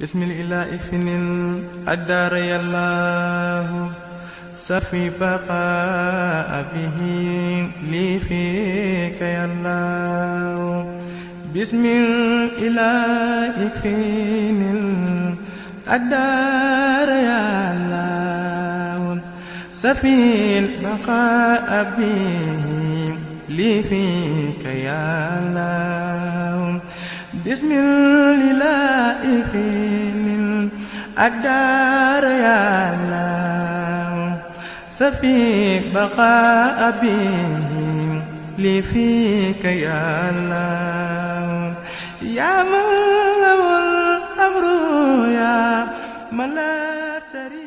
بسم الإله إفن الدار يا الله سفي بقاء به لي فيك يا الله بسم الإله إفن الدار يا الله سفي البقاء به لي فيك يا الله أكدار يا الله سفيك بقاء بهم لي فيك يا الله يا من له الأمر يا من لا شريك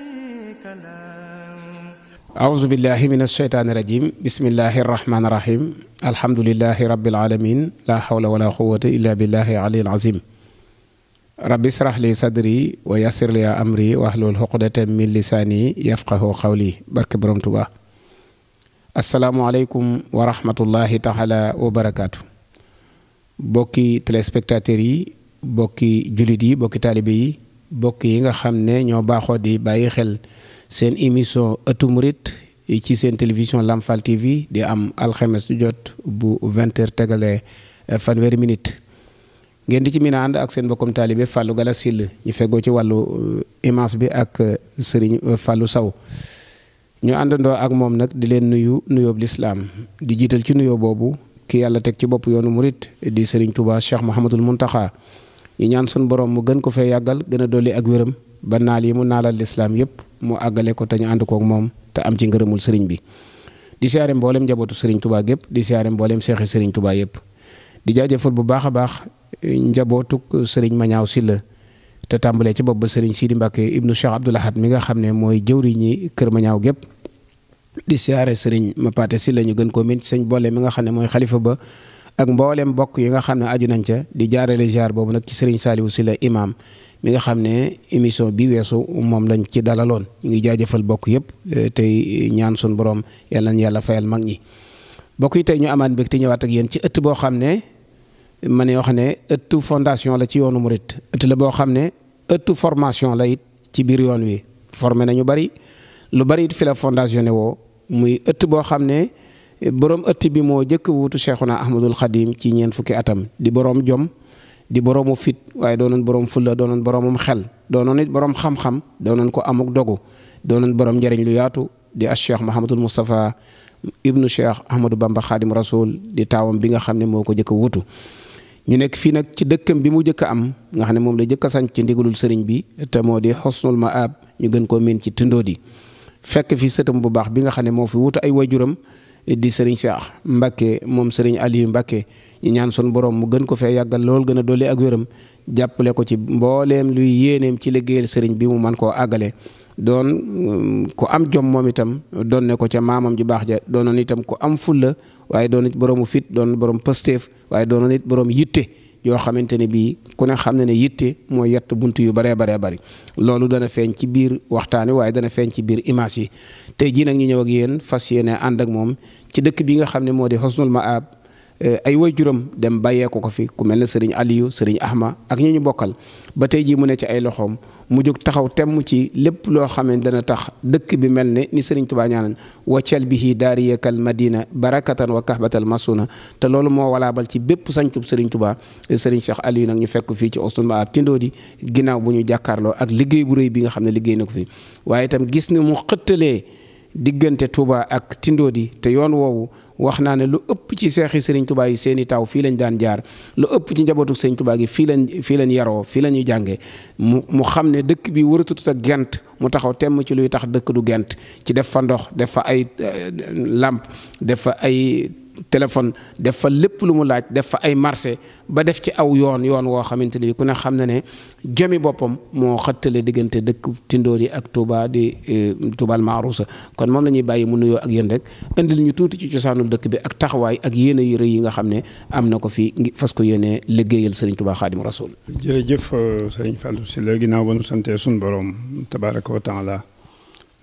أعوذ بالله من الشيطان الرجيم بسم الله الرحمن الرحيم الحمد لله رب العالمين لا حول ولا قوة إلا بالله العلي العظيم رب اشرح لي صدري ويسر لي أمري واحلل عقدة من لساني يفقه قولي برك بروم توبا السلام عليكم ورحمة الله تعالى وبركاته بوكي تلسبكتاتير yi bokki jullit yi bokki taalibe yi bokk yi nga xam ne ñoo baaxoo di bàyyi xel seen émission ëttu murit ci seen télévision Lamfal TV di am alxames du jot bu 20 heures tegalee eh, fanweeri minit ngeen di ci mën a ànd ak seen mbokkum taalibe fàllu gala Syll ñu feggoo ci wàllu eh, image bi ak eh, Serigne Fallou saw ñu àndandoo ak moom nag di leen nuyu nuyoob lislaam di jiital ci nuyoo boobu ki yàlla teg ci bopp yoonu murit di Serigne Touba Cheikh Mouhamadul Mountakha ñu ñaan sun borom mu gën ko fee yàggal gën a dolli ak wéram ba naal yi mu naalal lislaam yëpp mu àggale ko te ñu ànd kook moom te am ci ngërëmul sëriñ bi di siyaare mboolem njabootu sëriñ Touba gépp di siyaare mboolem seexi sëriñ Touba yëpp di jaajëfal bu baax a baax eh, njabootuk eh, sëriñ Mañaaw Silla te tàmbalee ci bopp ba sëriñ Sidi Mbacke ibnu Cheikh Abdoul Ahad mi nga xam ne mooy jëwriñi kër Mañaaw gépp di siyaare sëriñ Mapate Silla ñu gën koo min ci sëñ boole mi nga xam ne mooy xalifa ba ak mboolem mbokk yi nga xam ne aju nañ ca di jaarale ziar boobu nag ci sëriñ Saliou Silla imam mi nga xam ne émission bi weesu moom lañ ci dalaloon ñu ngi jaajëfal bokk yëpp eh, tey ñaan sun borom yàlla nañ yàlla fayal mag ñi bokk yi tey ñu amaat mbégte ñëwaat ak yéen ci ëtt boo xam ne ma ne wax ne ëttu fondation la ci yoonu murit ëtt la boo xam ne ëttu formation la it ci biir yoon wi na ñu bari lu bari it fi fondation ne woo muy ëtt boo xam ne eh, borom ëtt bi moo jëkk wuutu Cheikhuna Ahmadul Xadim ci ñeen fukki atam di borom jom. di boroomu fit waaye doonoon boroom fulla doonoon boroomam xel doonoon it boroom xam-xam doonoon ko amuk dogu doonoon boroom njëriñ lu yaatu di as cheikh Mahamadul Moustapha ibnu cheikh Ahmadou Bamba Khadim Rasoul di taawam bi nga xam ne moo ko jëkk a wutu. ñu nekk fii nag ci dëkkam bi mu jëkk am nga xam ne moom la jëkk a ci ndigalul sëriñ bi te moo di xosnul maab ñu gën koo miin ci tundoo di fekk fi sëtam bu baax bi nga xam ne moo fi wutu ay wajuram di sëriñ Cheikh Mbacke moom sëriñ Aliou Mbacke ñu ñaan sun borom mu gën ko fee yàggal lool gën a dolli ak wéram jàppale ko ci mbooleem luy yéeneem ci liggéeyal sëriñ bi mu man koo àggale doon mm, ko am jom moom itam doon ne ko ca maamam ju baax ja doon doonoon itam ko am fulla waaye doon it boroomu fit doon borom pësteef waaye doonoon it borom yitte yoo xamante ne bii ku ne xam ne ne yitte mooy yett bunt yu baree bare bari loolu dana feeñ ci biir waxtaan wi waaye dana feeñ ci biir image yi tey jii nag ñu ñëw ak yéen fas yéene ànd ak moom ci dëkk bi nga xam ne moo di ma Maab Eh, ay waajuram dem bàyyeeku ko fi ku mel ne sëriñ Aliou sëriñ Ahma ak ñi ñu bokkal ba tey jii mu ne ci ay loxoom mu jóg taxaw temm ci lépp loo xam ne dana tax dëkk bi mel ne ni sëriñ Tuubaa ñaanan waccal bihi daariyakal madina barakatan wa kahbatal na te loolu moo wallaabal ci bépp sancub sëriñ Tuubaa eh, sëriñ Cheikh Aliou nag ñu fekk fii ci Husnul Maab di ginnaaw bu ñu jàkkaarloo ak liggéey bu rëy bi nga xam ne liggéey na ko fi waaye gis diggante Touba ak Tindodi te yoon woowu wax naa ne lu ëpp ci seexi Serigne Touba yi seen i taw fii lañ daan jaar lu ëpp ci njabootu Serigne Touba gi fii lañ fii lañ yaroo fii la jàngee mu mu xam ne dëkk bi wëratutu ak gent mu taxaw temm ci luy tax dëkk du gent ci def fa ndox def fa ay euh, làmp def fa ay. téléphone def fa lépp lu mu laaj def fa ay marché ba def ci aw yoon yoon woo xamante ni ku ne xam na ne jomi boppam moo xëttale diggante dëkk Tindóor yi ak Touba di eh, Touba Maaruusa kon moom la bàyyi mu nuyoo ak yéen rek indil ñu tuuti ci cosaanul dëkk bi ak taxawaay ak yéene yu yi nga xam ne am na ko fii ngi fas ko yéene liggéeyal Serigne Touba Xaadimu Rasuul. jërëjëf euh, Serigne Fallou Sylla ginnaaw ba nu santee sunu borom tabaaraka wa taala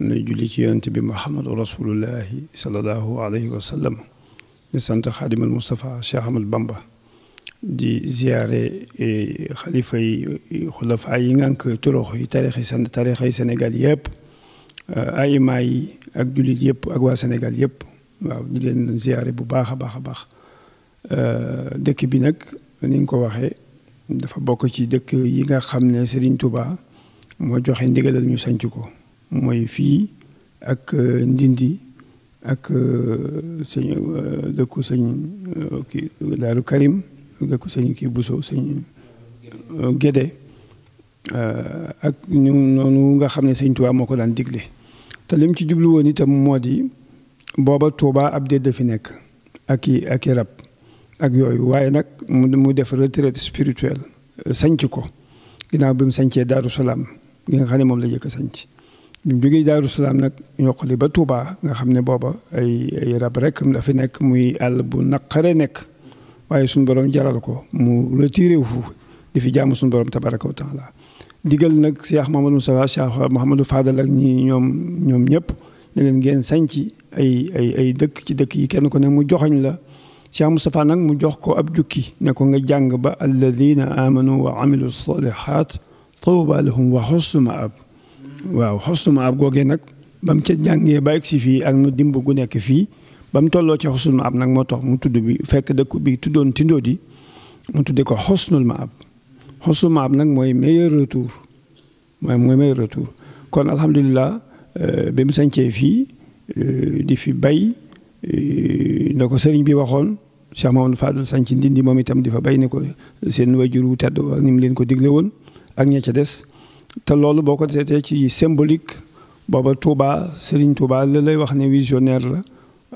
nuy julli ci yonent bi Muhammadu Rasulullahi sallallahu alayhi wa sallam di sant xaadimal Moustapha Cheikh Ahmad Bamba di ziare e, xalifa yi e, xulafa yi ngànk torox yi tarix yi sant tarixa yi Sénégal yëpp e, ay yi ak jullit yëpp ak waa Sénégal yëpp waaw di leen ziare bu baax a baax a baax dëkk bi nag ni nga ko waxee dafa bokk ci dëkk yi nga xam ne Serigne Touba moo joxe ndigalal ñu sanc ko mooy fii ak Ndindi ak euh, sëñ euh, dëkku sëñ euh, ki Daaru Karim ak sëñ kii Bousso sëñ Gédé ak ñu noonu nga xam ne sëñ Tuubaa moo ko daan digle te lim ci jublu woon itam moo di booba Tuubaa ab dédd fi nekk ak i ak i rab ak yooyu waaye nag mu def retraite spirituelle sanc ko ginnaaw bi mu sancee Daaru Salaam gi nga xam ne moom la jëkk a sanc bi mu jógee Daaru nag ñoqali ba Touba nga xam ne booba ay rab rek dafi nekk muy àll bu naqare nekk waaye suñu borom jaral ko mu retiré wu foofu di fi jaamu suñu borom tabaraka wa taala digal nag Cheikh Mahamadou Moustapha Cheikh Mahamadou Fadal ak ñi ñoom ñoom ñëpp ne leen ngeen sañci ay ay ay dëkk ci dëkk yi kenn ko ne mu joxoñ la Cheikh Moustapha nag mu jox ko ab jukki ne ko nga jàng ba alladina amanu wa amilu salihat tuuba lahum wa xusnu ab waaw xosnu ma ab googee nag ba mu ca jàngee ba egg si fii ak mu dimb gu nekk fii ba mu tolloo ci xosnul ma ab nag moo tax mu tudd bi fekk dëkk bi tuddoon Tindodi mu tuddee ko xosnul ma ab xosnul ma ab nag mooy meilleur retour mooy mooy retour kon alhamdulilah euh, bi mu sañcee fii euh, di fi bay euh, na ko sëriñ bi waxoon Cheikh Mamadou Fadal sañc ndindi moom itam di fa bay ne ko seen wajur wu tedd ni mu leen ko digle woon ak ña ca des te loolu boo ko seetee ci symbolique booba Touba Serigne Touba li lay wax ne visionnaire la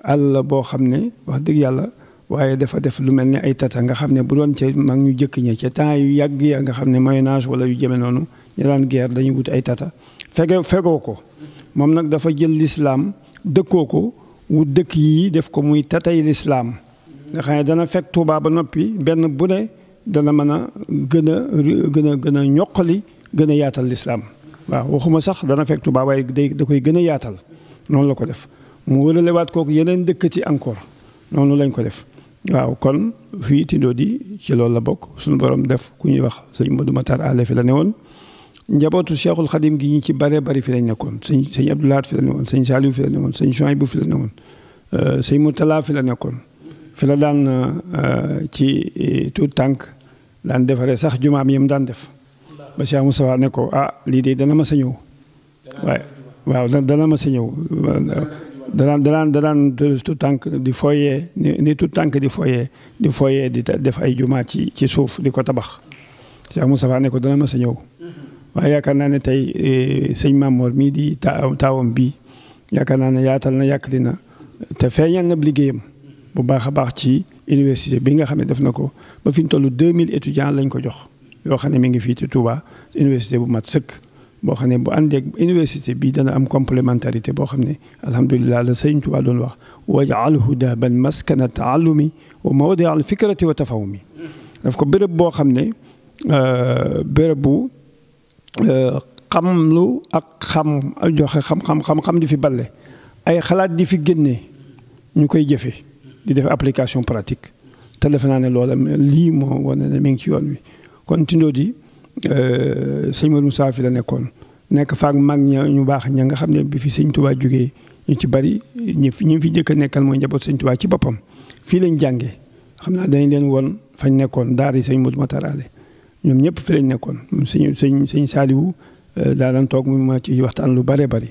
àll la boo xam ne wax dëgg yàlla waaye dafa def lu mel ni ay tata nga xam ne bu doon ca mag ñu jëkk ña ca temps yu yàgg ya nga xam ne Moyen Âge wala yu jëme noonu ñu daan guerre dañuy wut ay tata fege fegoo ko moom nag dafa jël lislaam dëkkoo ko wut dëkk yii def ko muy tatay lislaam nga xam ne dana fekk Touba ba noppi benn bu ne dana mën a gën a gën a gën a ñoqali gën a yaatal lislaam waaw waxuma sax dana fekk Tuubaa waaye day da koy gën a yaatal noonu la ko def mu wëralewaat kooku yeneen dëkk ci encore noonu lañ ko def waaw kon fii di ci loolu la bokk suñu borom def ku ñuy wax sëñ Modou Matar Allé fi la ne woon njabootu Cheikhul Khadim gi ñu ci bare bari fi lañ nekkoon sëñ sëñ Abdou Lahad fi la ne woon sëñ Saliou fi la ne woon sëñ Chouaïbou fi ne woon euh, sëñ fi la nekkoon fi la daan euh, ci euh, tout tànk daan defaree sax jumaam yam daan def ba Cheikh Moustapha nekko ah lii de dana ma sa ñëw waaw dana ma ñëw danaan danaan danaan tout tànk di foyee ni tout tànk di foyee di foyee di def ay jumaa ci ci suuf di ko tabax Cheikh Moustapha ne ko dana ma sa ñëw waaye yaakaar naa ne tey e, sëñ Mamoor mii di taawam bii yaakaar naa ne yaatal na yàkkali na te feeñal na liggéeyam bu baax a baax ci université bii nga xam ne def na ko ba fi ñu toll 2000 étudiants lañ ko jox yoo xam ne mi ngi fii ci Touba université bu mat sëkk boo xam ne bu àndeeg université bi dana am complémentarité boo xam ne alhamdulilah la sëñ Touba doon wax wajaalhu dahban maskana taallumi wa mawdia al fikrati wa tafahumi daf ko béréb boo xam ne euh, béréb bu euh, xam lu ak xam joxe xam-xam xam-xam di fi balle ay xalaat di fi génnee ñu koy jëfe di def application pratique te defe naa ne loola lii moo wane ne mi ngi ci yoon wi kon Tindodi euh, sëñ Modou Moussa fi la nekkoon nekk faak mag ña ñu baax ña nga xam ne bi fi sëñ Touba jógee ñu ci bari ñi ñi fi njëkk a nekkal mooy njaboot sëñ Touba ci boppam fii lañ jàngee xam naa dañ leen woon fañ nekkoon daara yi sëñ Modou Mataraale ñoom ñëpp fi lañ nekkoon sëñ sëñ sëñ Saliou euh, daa daan toog mu ma ci waxtaan lu bare bari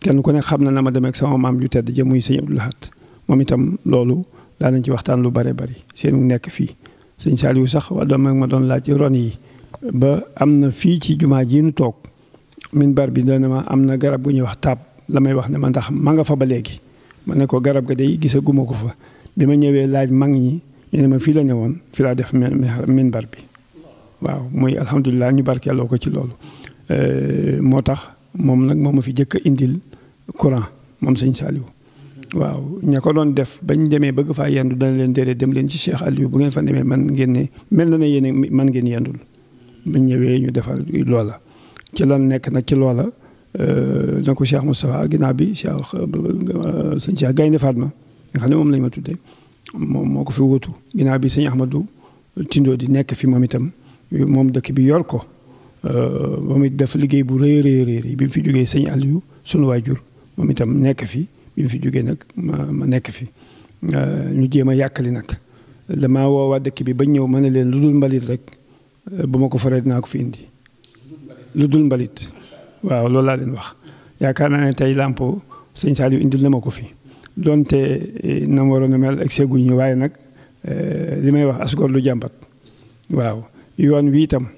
kenn ku ne xam na na ma demee ak sama maam ju tedd ja muy sëñ Abdou Lahat moom itam loolu daa nañ ci waxtaan lu bare bari seen nekk fii sëñ Saliou sax wa doom ak ma doon laaj ci ron yi ba am na fii ci jumaa ji nu toog minbar bi doon ma am na garab bu ñuy wax taab la may wax ne ma ndax ma nga fa ba léegi ma ne ko garab ga day gisaguma ko fa bi ma ñëwee laaj mag ñi ñu ma fii la ne woon fii laa def minbar bi waaw muy alhamdulilah ñu barkeeloo ko ci loolu moo tax moom nag moom ma fi jëkk a indil courant moom sëñ Saliou waaw ña ko doon def bañ demee bëgg faa yendu dana leen déedéet dem leen ci Cheikh Aliou bu ngeen fa demee man ngeen ne mel na ne yéen man ngeen yendul bañ ñëwee ñu defal loola ci lan nekk nag ci loola euh, donc Cheikh Moustapha ginaa bi Cheikh euh, sëñ Cheikh Gaynde Fatma nga xam ne moom lañ ma tuddee moom moo ko fi wutu bi sëñ Ahmadou Tindo di nekk fi moom itam moom dëkk bi yor ko euh, moom it def liggéey bu rëy rëy bi fi jógee sëñ Aliou sunu waajur moom itam nekk fi bi fi jógee nag ma ma nekk fi euh, ñu jéem a yàkkali nag damaa woo dëkk bi bañ ñëw ma ne leen lu dul mbalit rek euh, bu ma ko faree dinaa ko fi indi lu dul mbalit waaw loolu laa leen wax yaakaar naa ne tey Lampo sëñ Saliou indil na ma ko fi donte eh, nam waroon a mel ak seeguñ ñu waaye nag euh, li may wax asgor lu jàmbat waaw yoon wi itam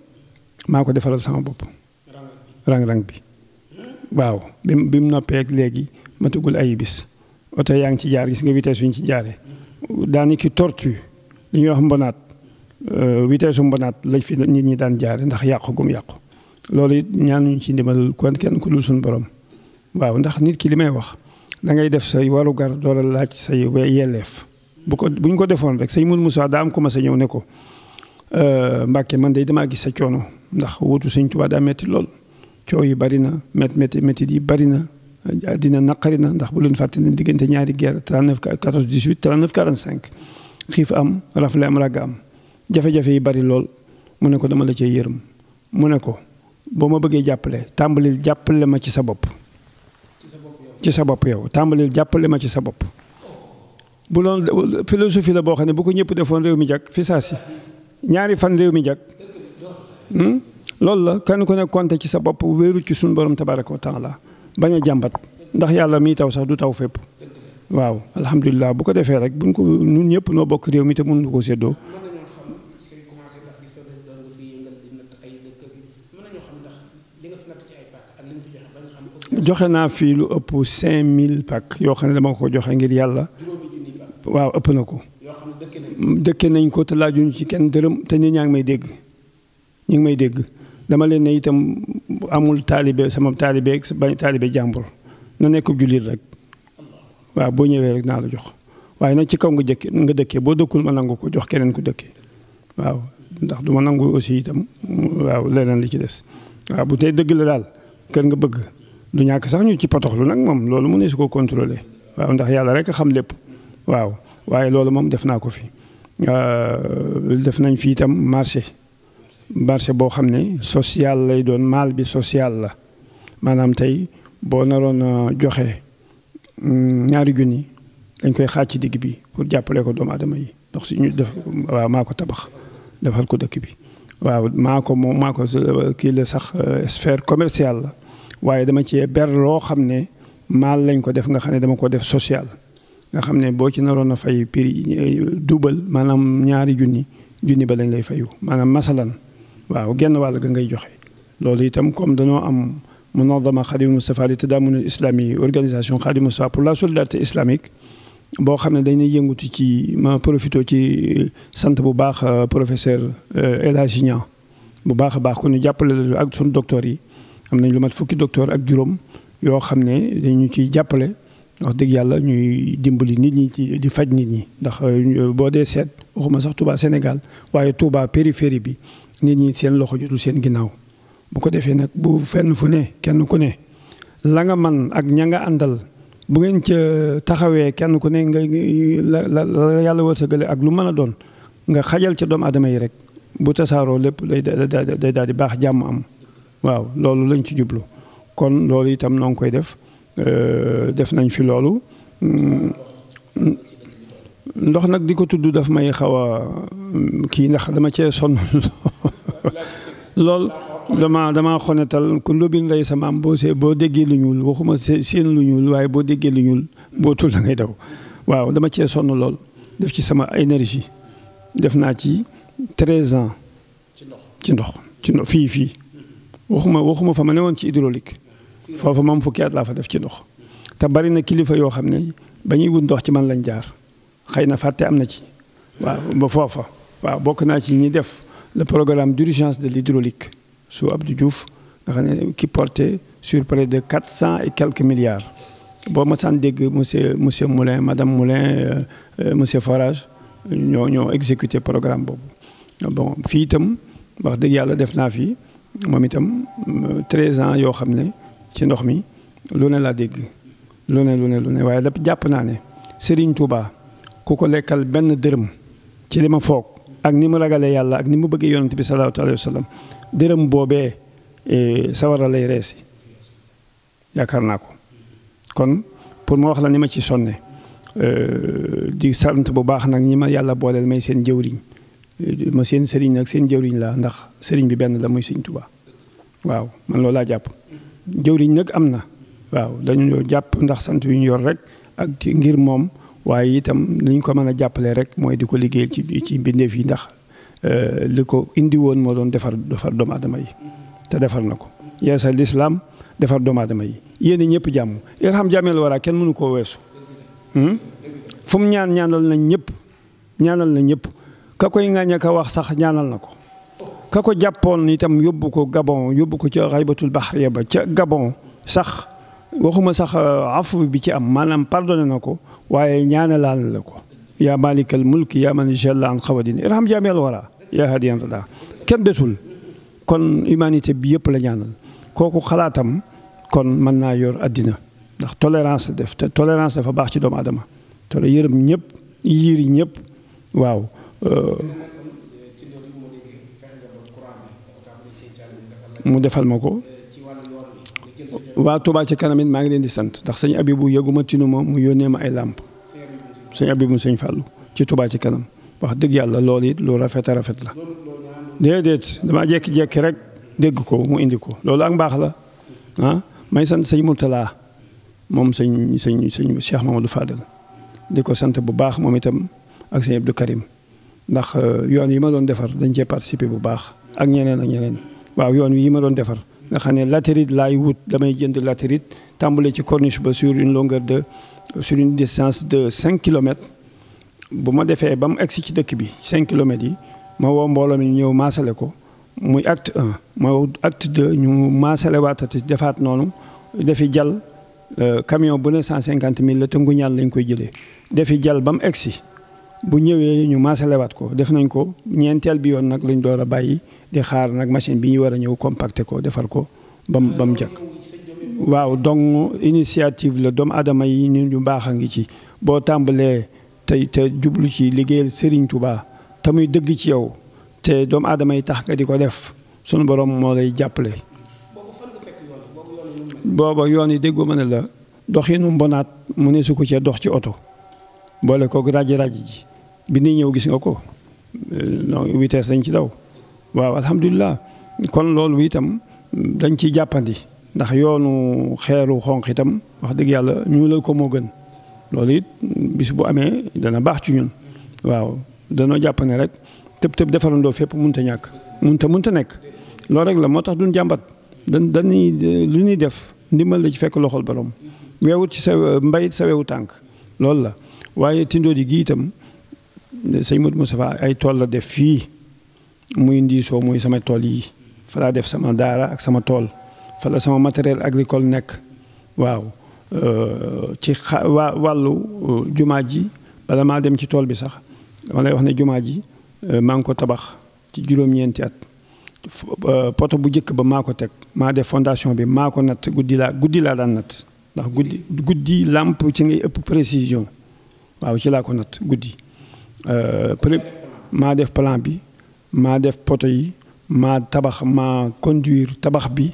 maa ko defaral sama bopp rang-rang bi waaw bi mu noppee ak léegi matagul ay bis oto yaa ngi ci jaar gis nga vitesse bi ñu ci jaaree daani ki tortue li ñuy wax mbonaat euh, vitesse u mbonaat lañ fi nit ñi daan jaare ndax yàqu gum yàqu loolu it ñaanuñu ci ndimbal kon kenn ku dul suñu borom waaw ndax nit ki li may wax da ngay def say warugar door a laaj say yelleef bu ko bu ko defoon rek sëñ Mourou Moussa daa am ko ma sa ñëw ne ko euh, Mbàkke man day damaa gis sa coono ndax wutu sëñ Tuubaa daa metti lool coow yi bari na mét métti métti yi bari na dina naqari na ndax bu leen fàtte ne diggante ñaari guerre 39 14 18 39 45 xiif am rafle am ràgg am jafe-jafe yi bari lool mu ne ko dama la cee yërëm mu ne ko boo ma bëggee jàppale tàmbalil jàppale ma ci sa bopp. ci sa bopp yow tàmbalil jàppale ma ci sa bopp. bu loon philosophie la boo xam ne bu ko ñëpp defoon réew mi jag fi saa ñaari fan réew mi jag hmm? loolu la kenn ku ne compter ci sa bopp wéeru ci suñu borom tabaraka wa taala bañ a jàmbat ndax yàlla mii taw sax du taw fépp waaw alhamdulilah bu ko defee rek buñ ko nun ñëpp noo bokk réew mi te mun mënuñu ko séddoo joxe naa fii lu ëpp 5000 pàkk yoo xam ne dama ko joxe ngir yàlla waaw ëpp na ko dëkke nañ ko te laajuñu ci kenn dërëm te nit ñaa ngi may dégg ñu ngi may dégg dama leen ne itam amul taalibe sama taalibe bañ taalibe jàmbur na nekkub jullit rek waaw boo ñëwee rek naa la jox waaye nag ci kaw nga jëkk nga dëkkee boo dëkkul ma nangu ko jox keneen ku dëkkee waaw ndax du ma nangu aussi itam waaw leneen li ci des waaw bu tey dëgg la daal kër nga bëgg du ñàkk sax ñu ci lu nag moom loolu mu ne su ko contrôler waaw ndax yàlla rek xam lépp waaw waaye loolu moom def naa ko fi def nañ fi itam marché marché boo xam ne social lay doon maal bi sociale la maanaam tey boo naroon joxe mm, ñaari junni dañ koy xaaj ci digg bi pour jàppale ko doomu aadama yi si ñu def waaw maa tabax defal ko dëkk bi waaw maako ko moom maa kii la sax euh, sphère commerciale la waaye dama cee ber loo xam ne maal lañ ko def nga xam ne dama ko def social nga xam ne boo ci naroon a fay prix euh, duubal maanaam ñaari junni junni ba lañ lay fayu maanaam masalan waaw genn wàll ga ngay joxe loolu itam comme danoo am munadama Xaadimu Mustafa li tadaamunul islami organisation Xaadimu Mustafa pour la solidarité islamique boo xam ne dañuy yëngutu ci ma profité ci sant bu baax euh, professeur euh, El Hadji Niang bu baax a baax ku ñu jàppale la ak suñu docteur yi am nañ lu mat fukki docteur ak juróom yoo xam ne dañu ciy jàppale wax dëgg yàlla ñuy dimbali nit ñi ci di faj nit ñi ndax euh, boo dee seet waxuma sax Touba Sénégal waaye Touba bi nit ñi seen loxo jotul seen ginnaaw bu ko defee nag bu fenn fu ne kenn ku ne la nga man ak ña nga àndal bu ngeen ca taxawee kenn ku ne nga la la yàlla wërsëgale ak lu mën a doon nga xajal ca doomu adama yi rek bu tasaaroo lépp day day daal di baax jàmm am waaw loolu lañ ci jublu kon loolu itam noo koy def def nañ fi loolu mm, ndox nag di ko tudd daf may xaw a mm, kii ndax dama cee sonn lool dama dama xonetal ku lóbin rey sa maam boo see boo déggee lu ñuul waxuma seen lu ñuul waaye boo déggee lu ñuul boo tul la ngay daw waaw dama cee sonn lool def ci sama énergie def naa ci treize ans ci ndox ci ndox fii fii waxuma waxuma fa ma ne woon ci hydraulique foofa moom fukki at laa fa def ci ndox te bari na kilifa yoo xam ne ba ñuy wut ndox ci man lañ jaar xëy na fàtte am na ci waaw ba foofa waaw bokk naa ci ñi def le programme d'urgence de l'hydraulique sous Abdou Diouf nga xam ne qui sur près de quatre cent et quelques milliards boo ma saan dégg monsieur monsieur Moulin madame Moulin euh, euh, monsieur Forage ñoo ñoo exécuté programme boobu bon fii itam wax dëgg yàlla def naa fi moom itam euh, treize ans yoo xam ne ci ndox mi lu ne laa dégg lu ne lu ne lu ne waaye lépp jàpp naa ne Serigne Touba ku ko lekkal benn dërëm ci li ma foog ak ni mu ragalee yàlla ak ni mu bëggee yonent bi sallallahu alayhi wa sallam dërëm eh, sawara lay reesi yaakaar naa ko kon pour ma wax la ni ma ci sonne eh, di sant bu baax nag ñi ma yàlla booleel may seen jëwriñ eh, ma seen sëriñ nag seen jëwriñ laa ndax sëriñ bi benn la muy sëriñ Tuubaa waaw man loolu laa jàpp jëwriñ nag am na waaw dañu jàpp ndax sant yu ñu yor rek ak ngir moom waaye itam ni ñu ko mën a jàppalee rek mooy di ko liggéeyal ci biir ci mbindeef yi ndax euh, li ko indi woon moo doon defar defar doomu aadama yi te defar na ko yeesal lislaam defar doomu aadama yi yéen ñëpp jàmm irham jaameel waraa kenn mënu koo weesu hmm? fu ñaan ñaanal nañ ñëpp ñaanal na ñëpp ka koy ŋàññe ka wax sax ñaanal na ko ka ko jàppoon itam yóbbu ko Gabon yóbbu ko ca xaybatul bahriya ba ca Gabon sax waxuma sax euh, afu bi ci am maanaam pardonné na ko waaye ñaanalaal la ko yaa malikal mulki yaa man jalla an xawadin irham jaamial wara yaa hadiyan rada kenn desul kon humanité bi yëpp la ñaanal kooku xalaatam kon mën naa yor addina ndax tolérance def tolérance dafa baax ci doomu adama tole yërëm ñëpp yiir ñëpp waaw euh, mu defal ma ko waa Touba ci kanam maa ngi leen di sant ndax sëñ Abibu yëguma tinu ma mu yónnee ma ay làmp sëñ Abibu sëñ Fàllu ci Touba ci kanam wax dëgg yàlla loolu it lu rafet a rafet la déedéet damaa jekki-jekki rek dégg ko mu indi ko loolu ak mbaax la ah may sant sëñ Murtala moom sëñ sëñ sëñ Cheikh Mamadou Fadel di ko sant bu baax moom itam ak sëñ Abdou Karim ndax euh, yoon yi ma doon defar dañ cee participé bu baax ak ñeneen ak waaw yoon yi ma doon defar ndaxam xam ne latérite laay wut damay jënd latérite tàmbale ci corniche ba sur une longueur de sur une distance de cinq kilomètres bu ma defee ba mu egsi ci dëkk bi cinq kilomètres yi ma woo mbooloo mi ñëw maasale ko muy acte un ma woo acte deux ñu maasale waatati defaat noonu defi jal euh, camion bu ne cent cinquante mille la tëngu ñaan lañ koy jëlee defi jal ba mu egsi bu ñëwee ñu maasalewaat ko def nañ ko ñeenteel bi yoon nag lañ door a bàyyi di xaar nag machine bi ñu war a ñëw compacté koo defal ko ba mu jëkk waaw donc initiative la doomu adama yi ñu ñu baax a ngi ci boo tàmbalee te te jublu ci liggéeyal Serigne Touba te muy dëgg ci yow te doomu aadama yi tax nga di ko def sunu borom moo lay jàppale. booba yoon yi déggoo ma ne la doxinu mbonaat mu ne su ko cee dox ci oto boole kook raj rajo ji bi ni ñëw gis nga ko euh, non vitesse dañ ci daw. waaw alhamdulilah kon loolu itam dañ ciy jàppandi ndax yoonu xeeru xonq itam wax dëgg yàlla ñuulal ko moo gën loolu it bis bu amee dana baax ci ñun waaw danoo jàpp ne rek tëb tëb defarandoo fépp munta ñàkk munta munta nekk loolu rek la moo tax du jàmbat dan dañuy lu ñuy def ndimbal la ci fekk loxol borom weewut ci sa mbayit sa wewu tànk loolu la waaye tindoo di gi itam sëñ Modou Moustapha ay tool la def fii muy ndiisoo muy sama tool yi falaa def sama daara ak sama tool fa sama matériel agricole nekk waaw euh, ci xa wàllu euh, jumaa ji bala maa dem ci tool bi sax dama lay wax ne jumaa ji euh, maa ngi ko tabax ci juróom-ñeenti at poto bu njëkk ba maa ko teg maa def fondation bi maa ko natt guddi laa guddi laa daan natt ndax guddi guddi làmp ci ngay ëpp précision waaw ci laa ko natt guddi maa def plan bi maa def poto yi maa tabax maa conduire tabax bi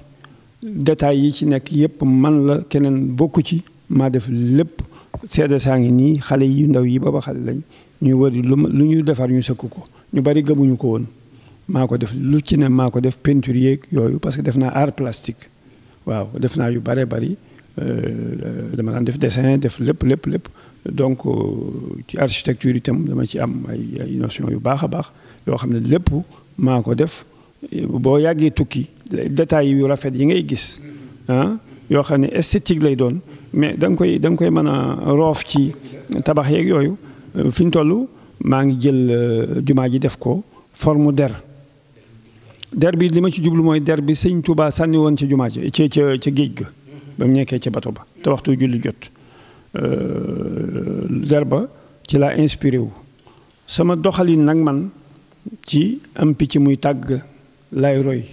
détails yi ci nekk yépp man la keneen bokk ci maa def lépp seede saa ngi nii xale yi ndaw yi ba ba xale lañ ñu wari lu ñuy defar ñu sëkk ko ñu bari gëmuñu ko woon maa ko def lu ci ne maa ko def penture yeeg yooyu parce que def naa art plastique waaw def naa yu bare bari euh, euh, dama daan def dessin def lépp lépp lépp donc euh, ci architecture itam dama ci am ay ay yu baax a baax yoo xam ne lépp maa ko def boo yàggee tukki détails yu rafet yi ngay gis ah, yoo xam ne esthétique lay doon mais danga koy danga koy mën a roof ci tabax yeeg yooyu fi ñu toll maa ngi jël euh, jumaa ji def ko forme der der bi li ma ci jublu mooy der bi sëñ Touba sànni woon ci jumaa ji ca ca ca géej ga ba mu nekkee ca bato ba te waxtu julli jot Euh, ba ci laa inspiré wu sama doxalin nag man ci am picc muy tàgg lay roy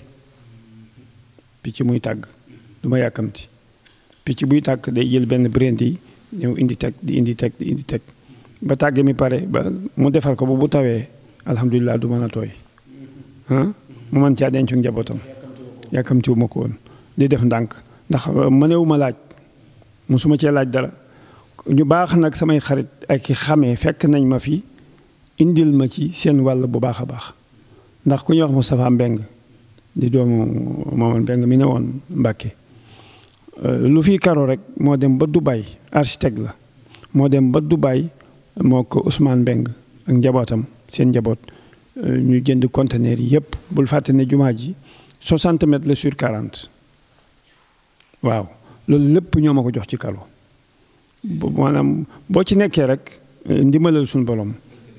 picc muy tàgg duma yàkkamti picc buy tàgg day jël benn brindi ñëw indi teg di indi teg di indi teg ba tàgg mi pare ba mu defal ko bu bu tawee alhamdulillah du mën a tooy ah mu mën caa dencu njabootam yàkkamtiwuma ma ko di def ndànk ndax euh, mënewu ma laaj suma cee laaj dara ñu baax nag samay xarit ak i xamee fekk nañ ma fi indil ma ci seen wàll bu baax a baax ndax ku ñuy wax Moustapha Mbeng di doomu Mamadou Mbeng mi ne woon Mbàkke euh, lu fi karo rek moo dem ba du Dubaay architecte la moo dem ba du Dubaay moo ko Ousmane Mbeng ak njabootam seen njaboot euh, ñu jënd conteneur yi yëpp bul fàtte ne jumaa ji 60 mètres la sur 40 waaw loolu lépp ñoo ma ko jox ci karo maanaam boo ci nekkee rek eh, ndimalal suñu borom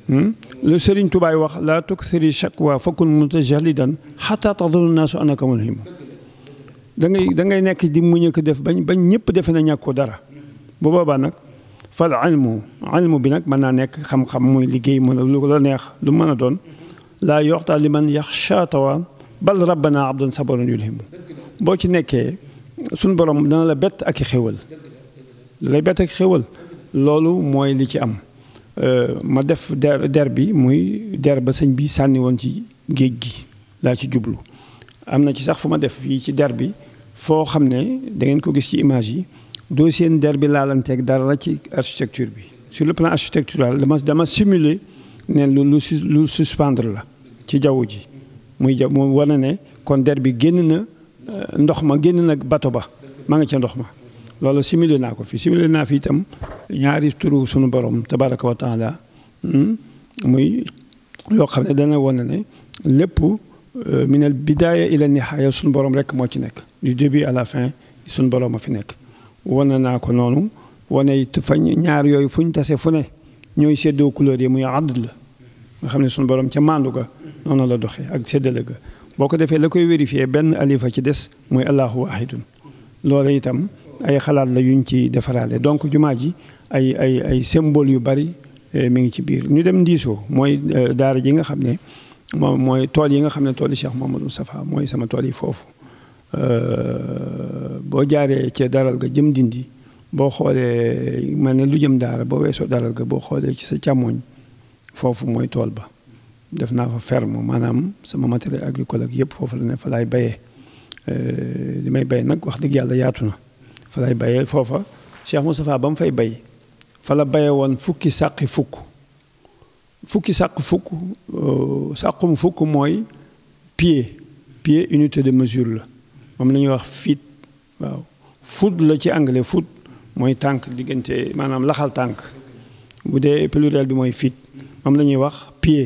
hmm? lu Serigne Touba wax laa tukthiri shakwa fakun mutajalidan xata tadunu naasu anaka mulhim da ngay da ngay nekk di muñ ko def bañ bañ ñëpp defe na ñàkkoo dara bu boobaa nag fal ilmu ilmu bi nag mën naa nekk xam-xam muy liggéey mën a lu la neex lu mën a doon laa yoxtaa li man yaxsha tawaan bal rabbana abdan sabarun yulhimu boo ci nekkee suñu borom dana la bett ak i xéwal lay bett ak xéwal loolu mooy li ci am euh, ma def der bi muy der ba sëñ bi sànni woon ci géej gi laa ci jublu am na ci sax fu ma def fii ci der bi foo xam ne da ngeen ko gis ci image yi doo seen der bi laalanteeg dara ci architecture bi sur le plan architectural dama dama simuler ne lu lu lu suspendre la ci jaww ji muy ja mu wane ne kon der bi génn na euh, ndox ma génn na bato ba maa ngi ca ndox ma loolu simile naa ko fi simile naa fi itam ñaari turu sunu borom tabaraka wa taala hmm, muy yoo xam ne dana wane ne lépp euh, minal bidaaya ila nihaaya sunu borom rek moo ci nekk du début à la fin sunu borom a fi nekk wane naa ko noonu wane it fa ñaar yooyu fu ñu tase fu ne ñooy séddoo couleur yi muy àdd la nga xam ne sunu borom ca maandu ga noonu la doxee ak séddale ga boo ko defee la koy vérifier benn alifa ci des muy allahu wahidun loolu itam ay xalaat la yuñ ci defaraale donc jumaa ji ay ay ay symbole yu bari eh, mi ngi ci biir ñu dem ndiisoo mooy eh, daara ji nga xam ne moom mooy tool yi nga xam ne tool yi Cheikh Mouhamadou Moustapha mooy sama tool yi foofu eh, boo jaaree ci daral ga jëm dindi boo xoolee mel ne lu jëm daara boo weesoo daral ga boo xoolee ci sa càmmoñ foofu mooy tool ba def naa fa ferme maanaam sama matériel agricole ak yëpp foofu la ne fa laay bayee li may bay nag wax dëgg yàlla yaatu na fa lay bayee foofa Cheikh Moustapha ba mu fay bay fa la bayee woon fukki sàqi fukk fukki sàq fukk euh, sàqum fukk mooy pie pied unité de mesure la moom la ñuy wax fiit waaw foot la ci anglais foot mooy tànk diggante maanaam laxal tànk bu dee pluriel bi mooy fiit moom la ñuy wax pie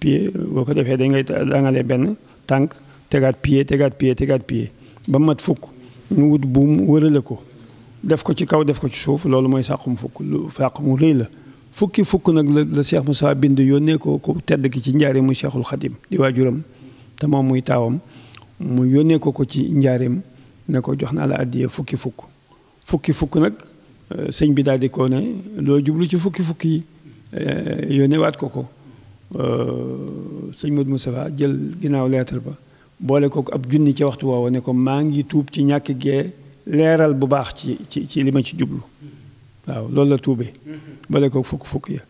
pied boo ko defee da ngay dangalee benn tànk tegaat pied tegaat pie tegaat pie ba mat fukk ñu wut buum wërale ko def ko ci kaw def ko ci suuf loolu mooy sàqum fukk lu fàq mu rëy la fukki fukk nag la la Cheikh Moussa bind yónnee ko ko tedd ki ci njaareem muy Cheikhul Khadim di waajuram te moom muy taawam mu yónnee ko ko ci njaareem ne ko jox naa la addiya fukki fukk fukki fukk nag euh, sëñ bi daal di ko ne loo jublu ci fukki fukk yi euh, yónnee waat ko ko euh, sëñ Modou Moustapha jël ginnaaw leetal ba boole ko ab junni ci waxtu woowu ne ko maa ngi tuub ci ñàkk gee leeral bu baax ci ci ci li ma ci jublu waaw loolu la tuubee boole ko fukk fukk ya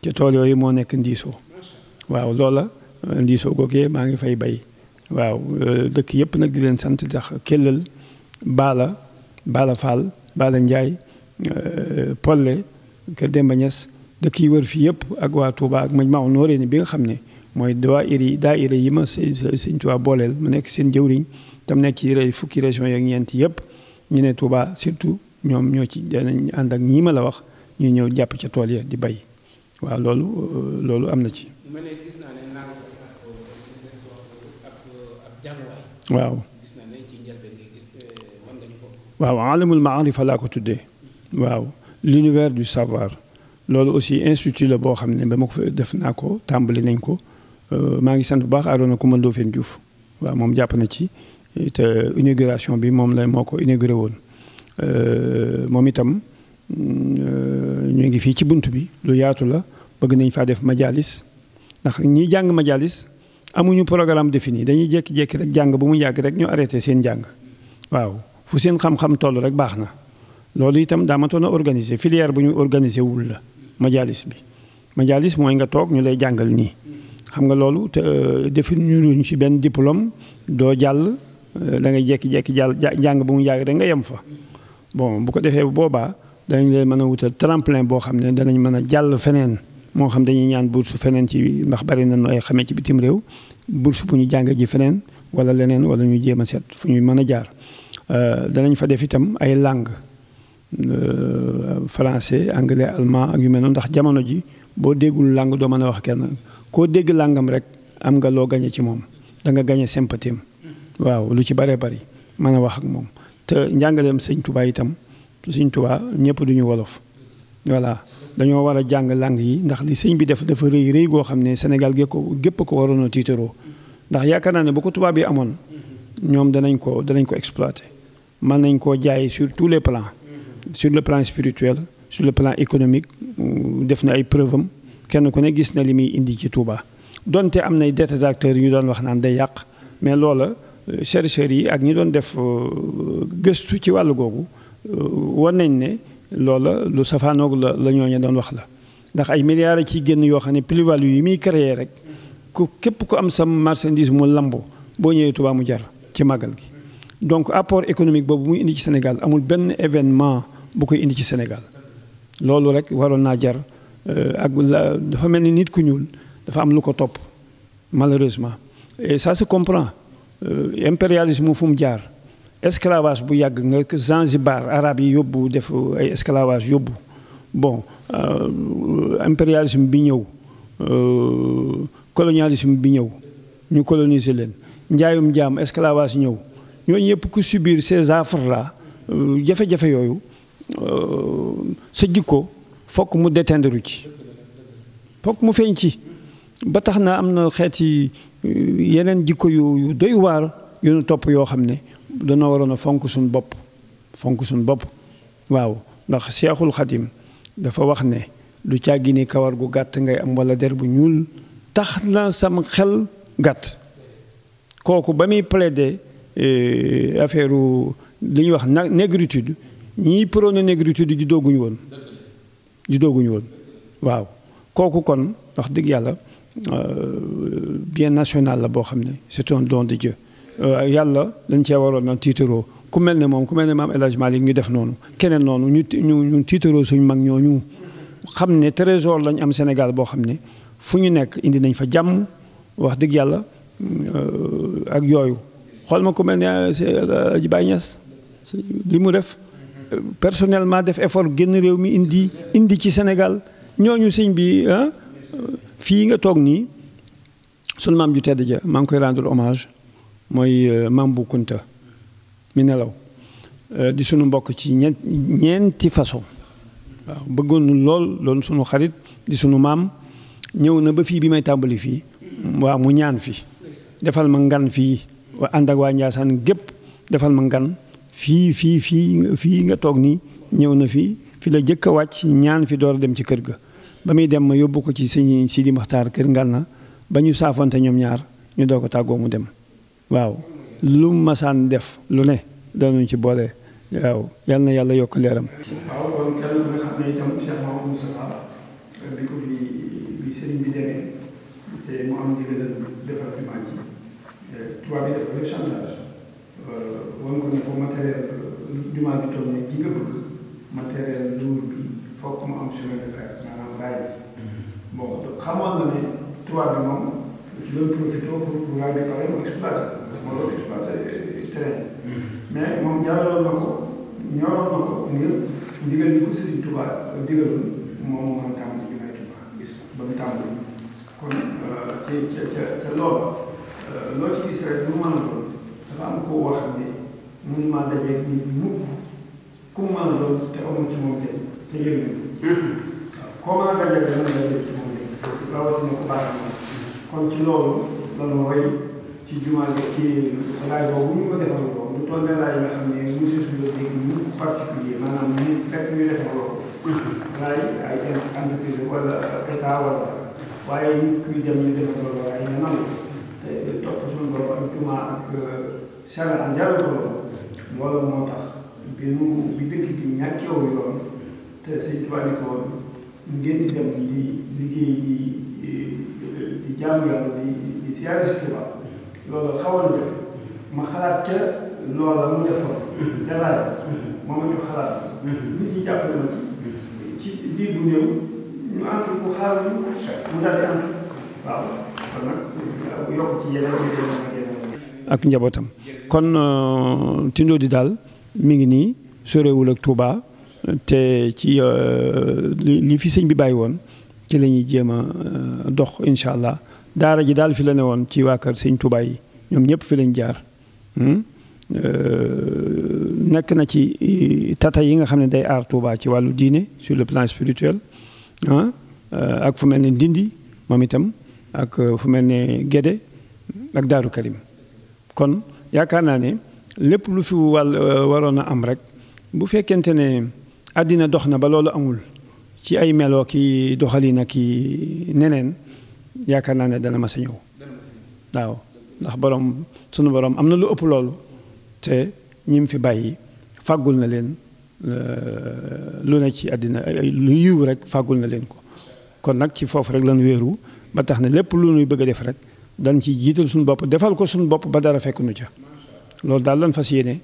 te tool yooyu moo nekk ndiisoo waaw loolu euh, la ndiisoo googee maa ngi fay bay waaw euh, dëkk yëpp nag di leen sant ndax Kellal Baala Baala Fall Baala Njaay euh, Polle Kër Demba dëkk yi wër fii yëpp ak waa Touba ak Majmahun Nurayni bi nga xam ne mooy daayira yi daayira yi ma sëñ Tuubaa booleel mu nekk seen jëwriñ tam nekk ci fukki région yeeg ñeent yëpp ñu ne Tuubaa surtout ñoom ñoo ci danañ ànd ak ñii ma la wax ñu ñëw jàpp ca tool ya di bay waaw loolu euh, loolu am na ci. waaw. Euh, waaw alamul maarifa laa ko tuddee waaw l'univers du savoir loolu aussi institut la boo xam ne ba ma ko def naa ko tàmbali nañ ko Euh, maa ngi sant bu baax Arona Coumba Ndoffène Diouf waaw moom jàpp na ci te inauguration bi moom la moo ko inauguré woon euh, moom itam euh, ñu ngi fii ci bunt bi lu yaatu la bëgg nañ faa def majalis ndax ñi jàng majalis amuñu programme défini dañuy jékki-jékki rek jàng bu mu yàgg rek ñu arrêté seen jàng waaw fu seen xam-xam toll rek baax na loolu itam daamatoon a organiser filière bu ñu organiser wul la majalis bi majalis mooy nga toog ñu lay jàngal nii xam nga loolu te euh, defi ñu ci benn diplôme doo jàll euh, dangay ngay jékki-jékki jàll jàng bu mu yàgg rek nga yem fa bon bu ko defee boobaa danañ leen mën a wutal tremplin boo xam ne danañ mën a jàll feneen moo xam dañuy ñaan bourse feneen ci ndax bari nañu ay xamee ci bitim réew bourse bu ñu jàng ji feneen wala leneen wala ñu jéem a seet fu ñuy mën a jaar euh, danañ fa def itam ay langue français anglais allemand ak yu mel noonu ndax jamono ji boo déggul langue doo mën a wax kenn koo dégg làngam rek am nga loo gañe ci moom danga nga gañe sympathie waaw lu ci bare bari mën a wax ak moom te njàngaleem sëñ Tuubaa itam sëñ Tuubaa ñëpp duñu wolof voilà dañoo war a jàng làng yi ndax li sëñ bi def dafa rëy rëy goo xam ne Sénégal gé ko gépp ko waroon a tiitaroo ndax yaakaar naa ne bu ko tubaab bi amoon ñoom danañ ko danañ ko exploité mën nañ koo jaay sur tous les plans sur le plan spirituel sur le plan économique def na ay preuve am kenn ku ne gis na li muy indi ci Touba donte am na nay détracteurs yu ñu doon wax naan day yàq mais loola euh, chercheurs yi ak ñi doon def euh, gëstu ci wàllu googu euh, wan nañ ne loola lu safaanoog la la ñooñu doon wax la ndax ay milliards ci génn yoo xam ne plus-value yi muy créer rek ku képp ku am sa marchandise mu lambo boo ñëwee Touba mu jar ci màggal gi donc apport économique boobu muy indi ci Sénégal amul benn événement bu koy indi ci Sénégal loolu rek waroon naa jar Euh, ak dafa mel ni nit ku ñuul dafa am lu ko topp malheureusement et ça se comprend euh, impérialism fu mu jaar esclavage bu yàgg nga Zanzibar arab yi yóbbu def ay esclavage yóbbu bon euh, impérialisme bi ñëw colonialisme bi ñëw ñu coloniser leen njaayum jaam esclavage ñëw ñooñu yëpp ku subir ces affres là jafe-jafe yooyu sa jikko fokk mu déteindre ci fokk mu feeñ ci ba tax na am na xeeti euh, yeneen jikko yu doy waar yu nu topp yoo xam ne danoo waroon a fonk suñ bopp fonk suñ bopp waaw ndax Seexul Xadim dafa wax ne du càggi ni kawar gu gàtt ngay am wala der bu ñuul tax na sam xel gàtt kooku ba muy plaider euh, affaire li ñuy wax nag négritude ñii prôné négritude di dooguñu woon ju dooguñu woon waaw kooku kon wax dëgg yàlla euh, bien national la boo xam ne c'est un don de Dieu euh, yàlla dañ cee waroon na tiitaroo ku mel ne moom ku mel ne maam El Hadj Malick ñu def noonu keneen noonu ñu ñu ñu tiitaroo suñu mag ñooñu xam ne trésor lañ am Sénégal boo xam ne fu ñu nekk indi nañ fa jàmm wax dëgg yàlla euh, ak yooyu xool ma ku mel ne Baye Niass li mu def personnellement def effort génn réew mi indi indi ci Sénégal ñooñu sëñ bi fii nga toog nii sunu maam ju tedd ja maa koy rendre hommage mooy euh, maam bu Kunta mi nelaw euh, di suñu mbokk ci ñeenti façon waaw bëggoon lool doon sunu xarit di suñu maam ñëw na ba fii bi may tàmbali fii waaw mu ñaan fi defal ma ngan fii ànd ak waa Njaasaan gépp defal ma ngan fii fii fii fii nga toog nii ñëw na fii fi la jëkk a wàcc ñaan fi door a dem ci kër ga ba muy dem ma yóbbu ko ci sëñ Sidi maxtar kër na ba ñu saafonte ñoom ñaar ñu doo ko tàggoo mu dem waaw lu masaan def lu ne doonuñ ci boole waaw yal na yàlla yokk leeram waaw wan ko ne ko matériel jumaa ji toll nii ji nga bëgg matériel lourd bi fokk mu am chemin de fer maanaam raay bi mm-hmm. bon xamoon na ne tubaab bi moom loolu profité pour pour raay bi pare mu exploité mm-hmm. moo doon exploité terrain mm-hmm. mais moom jaaraloon na ko ñoroon na ko ngir ndigal li ko Sëriñ Tuubaa digaloon moom moo mën a tàmbali jumaay Tuubaa gis ba mu tàmbali kon euh, ca ca ca loolu euh, loo ci gis rek lu mën a dafa am wax ne mun maa dajeeg nit mu mën a doon te amul ci moom kenn te yëg nañ ko. Mm-hmm. koo mën a dajeeg dana dajeeg ci moom kenn rawatina ko baax na kon ci loolu dañoo way ci jumaa bi ci laaj boobu ñu ko defal loolu lu toll ne xam ne monsieur Sow dégg mukk particulier maanaam nit fekk ñu defal loolu. Mm-hmm. laaj ay entreprise wala état wala. waaye nit kuy dem ñu defal loolu waaye ñu te topp suñu borom ak jumaa ak. salaan jaral ko loolu moo bi nu bi dëkk bi ñàkkeewu yoon te sëñ Tuubaa ko ngeen di dem di liggéey di di jaamu yàlla di di siyaare si Tuubaa loolu xawoon na ma xalaat ca loola mu defoon ca laaj moo ma jox xalaat nit ñi jàppale ma ci ci diir bu néew ñu ànd ku xaaral ñu mu daal di ànd waaw kon nag yokk ci yeneen yeneen ak njabootam kon euh, Tindodi daal mi ngi nii sorewul ak Touba te ci euh, li fi sëñ bi bàyyi woon ci la ñuy jéem a euh, dox incha allah daara ji daal fi la ne woon ci waa kër sëñ Touba yi ñoom ñëpp fi lañ jaar hmm? nekk na ci tata yi nga xam ne day aar Touba ci wàllu diine sur le plan spirituel ah, ak fu mel ne Ndindi moom itam ak fu mel ne Guédé ak Daaru Karim kon yaakaar naa ne lépp lu fi wàll euh, waroon a am rek bu fekkente ne àddina dox na ba loolu amul ci ay meloo ki doxalin ak ki neneen yaakaar naa ne dana ma ñëw waaw ndax borom sunu borom am na lu ëpp loolu te ñi fi bàyyi fàggul na leen euh, lu ne ci àddina lu yiw rek fàggul na leen ko kon nag ci foofu rek lan wéeru ba tax ne lépp lu nuy bëgg a def rek dañ ci jiital suñu bopp defal ko suñu bopp ba dara fekk nu ca loolu daal lan fas yéene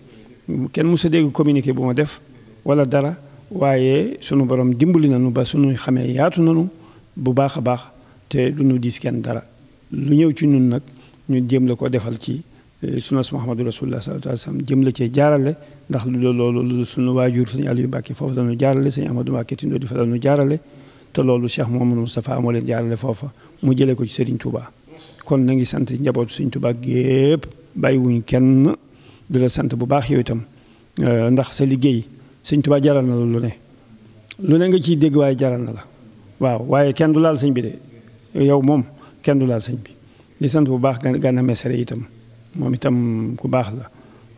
kenn musa dégg communiqué bu ma def wala dara waaye sunu borom dimbali nañu ba suñu xamee yaatu nañu bu baax a baax te du ñu kenn dara lu ñëw ci ñun nag ñu jéem la ko defal ci eh, sunnas Muhammadu Rasulullah sallallahu alayhi wa sallam jëm la cee jaarale ndax lu loolu lu sunu waajur sëñ Aliou Mbàkke foofu lañu jaarale sëñ Amadou Mbàkke Tindo di fa lañu jaarale loolu Cheikh Mouhamadou Moustapha moo leen jaarale foofa mu jëlee ko ci Serigne Touba. kon na ngi sant njabootu suñ Tuubaa gépp bàyyi wuñ kenn di la sant bu baax yow itam euh, ndax sa liggéey sëñ Tuubaa jaral na ne lu ne nga ciy dégg waaye jaral na la waaw waaye kenn du laal sëñ bi de yow moom kenn du laal sëñ bi di sant bu baax gànna mesere itam moom itam ku baax la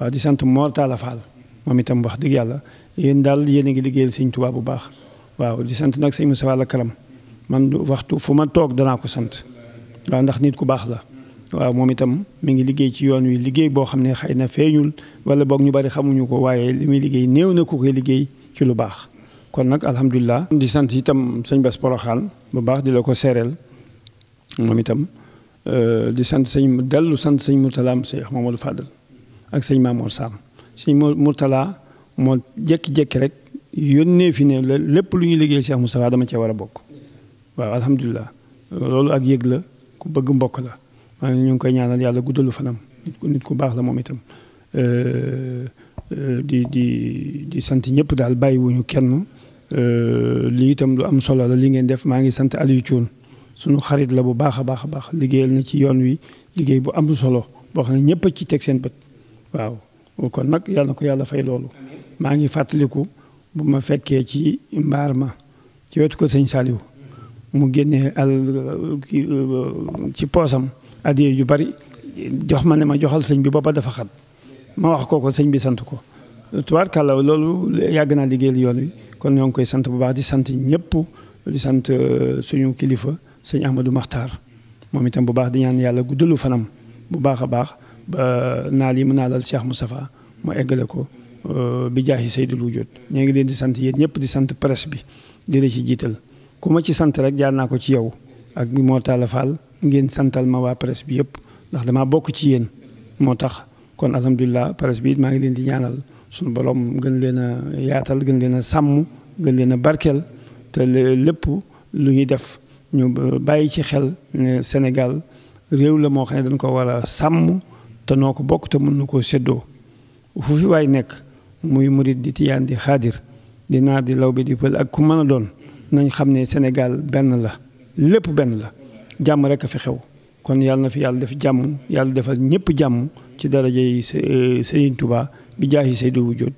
waaw di sant Mor Talla Fall moom itam wax dëgg yàlla yéen daal yéen a ngi liggéeyal sëñ Tuubaa bu baax waaw di sant nag sëñ Moussa Walla Karam man waxtu fu ma toog danaa ko sant waaw ndax nit ku baax la waaw moom itam mu ngi liggéey ci yoon wi liggéey boo xam ne xëy na feeñul wala boog ñu bari xamuñu ko waaye li muy liggéey néew na ku koy liggéey ci lu baax kon nag alhamdulilah di sant itam sëñ Bass Poroxaan bu baax di la ko seereel moom itam euh, di sant sëñ dellu sant sëñ Mourtalaam Cheikh Mamadou Fadal ak sëñ Mamour Sam sëñ Mourtala moo jékki-jékki rek yónnee fi ne lépp lu ñuy liggéey seex mu Moustapha dama cee war a bokk waaw alhamdulilah loolu ak yëg la bëgg mbokk la maanaam ñu ngi koy ñaanal yàlla guddalu fanam nit ku baax la moom itam euh, euh, di di di sant ñëpp daal bàyyiwuñu kenn euh, lii itam lu am solo la li ngeen def maa ngi sant Aliou Thioune sunu xarit la bu baax a baax a baax liggéeyal na ci yoon wi liggéey bu am solo boo xam ne ñëpp a ci teg seen bët waaw kon nag yàlla ko yàlla fay loolu maa ngi fàttaliku bu ma fekkee ci mbaar ma ci wetu ko sëñ Saliou mu génnee al ci poosam addiya yu bari jox ma ne ma joxal sëñ bi booba dafa xat ma wax kooko sëñ bi sant ko tubaarkàlla loolu yàgg naa liggéeyal yoon wi kon ñoo ngi koy sant bu baax di sant ñëpp di sant suñu kilifa sëñ Ahmadou Maxtaar moom itam bu baax di ñaan yàlla guddalu fanam bu baax a baax ba naal yi mu naalal Cheikh Moustapha mu eggale ko euh, bi jaaxi Seydou Loujot ñoo ngi leen di sant yéen ñëpp di ci jiital ku ma ci sant rek jaar naa ko ci yow ak Mor Talla ngeen santal ma waa presse bi yëpp ndax damaa bokk ci yéen moo tax kon alhamdulilah presse bi maa ngi leen di ñaanal suñu borom gën leen a yaatal gën leen a sàmm gën leen a barkeel te lépp lu ñu def ñu bàyyi ci xel ne Sénégal réew la moo xam ne dañ ko war a sàmm te noo ko bokk te mën na koo séddoo fu fi waay nekk muy murit di tiyaan di xaadir di naar di law bi di pël ak ku mën a doon nañ xam ne Sénégal benn la lépp benn la jàmm rek a fi xew kon yàlla na fi yàlla def jàmm yàlla defal ñëpp jàmm ci daraja yi e, Serigne Touba bi jaahi Seydou Wujud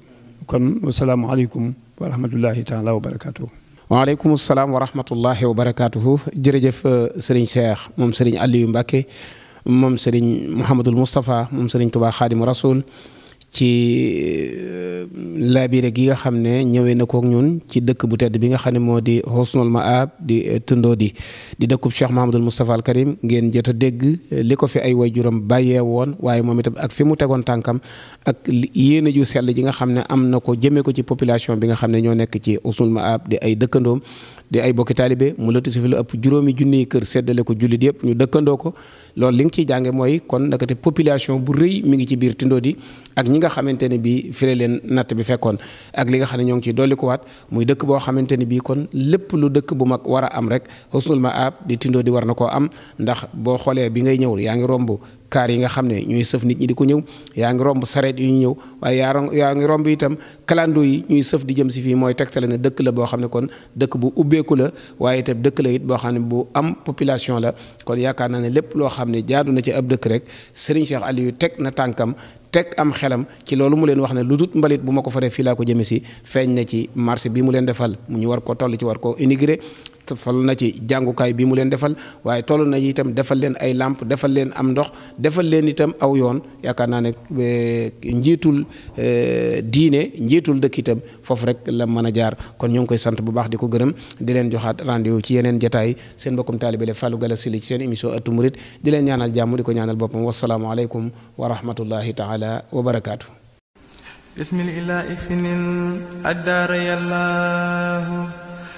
kon wasalaamualeykum wa rahmatullahi taala wa barakaatu. waaleykum salaam wa rahmatullahi wa barakaatu jërëjëf e, Serigne Cheikh moom Serigne Aliou Mbacke moom Serigne Mouhamadul Moustapha moom Serigne Touba Xaadimu Rasul. ci euh, labire gi nga xam ne ñëwee na kook ñun ci dëkk bu tedd bi nga xam ne moo di Husnul Maab di euh, tundoo di di dëkkub Cheikh Mahamadul Moustapha al Karim ngeen jot a dégg euh, li ko fi ay waajuram bàyyee woon waaye moom itam ak fi mu tegoon tànkam ak yéene ju sell ji nga xam ne am na ko jëmee ko ci population bi nga xam ne ñoo nekk ci Husnul Maab di ay dëkkandoom di ay bokki taalibe mu lëtt si fi lu ëpp juróomi junniy kër seddale ko jullit yëpp ñu dëkkandoo ko lool li nga ciy jànge mooy kon ndakate population bu rëy mu ngi ci biir di ak ñi nga xamante ne bii fi la leen natt bi fekkoon ak li nga xam ne ñoo ngi ciy dollikuwaat muy dëkk boo xamante ne bii kon lépp lu dëkk bu mag war a am rek xusnul ma aab di di war na koo am ndax boo xoolee bi ngay ñëwul yaa ngi romb kaar yi nga xam ne ñuy sëf nit ñi di ko ñëw yaa ngi romb sareet yu ñëw waaye yaa yaa ngi romb itam kalandoo yi ñuy sëf di jëm si fii mooy teg tegtale ne dëkk la boo xam ne kon dëkk bu ubbeeku la waaye itam dëkk la it boo xam ne bu am population la kon yaakaar naa ne lépp loo xam ne jaadu na ci ab dëkk rek Serigne Cheikh Aliou teg na tànkam teg am xelam ci loolu mu leen wax ne lu dut mbalit bu ma ko faree fii laa ko jëme si feeñ na ci marché bi mu leen defal mu ñu war ko toll ci war ko intégré fal na ci jàngukaay bi mu leen defal waaye toll na itam defal leen ay làmp defal leen am ndox defal leen itam aw yoon yaakaar naa ne eh, njiitul eh, diine njiitul dëkk itam foofu rek la mën a jaar kon ñoo ngi koy sant bu baax di ko gërëm di leen joxaat rendez-vous ci yeneen jotaay seen mbokkum taalibe la Fallou Galass Syll ci seen émission at Murid di leen ñaanal jàmm di ko ñaanal boppam wasalaamualeykum wa rahmatullahi taala wa barakaatu. bismillah.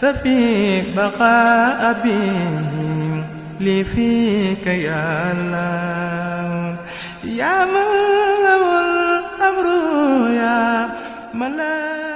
سفي بقاء أبيهم لي فيك يا الله يا من له الأمر يا ملاك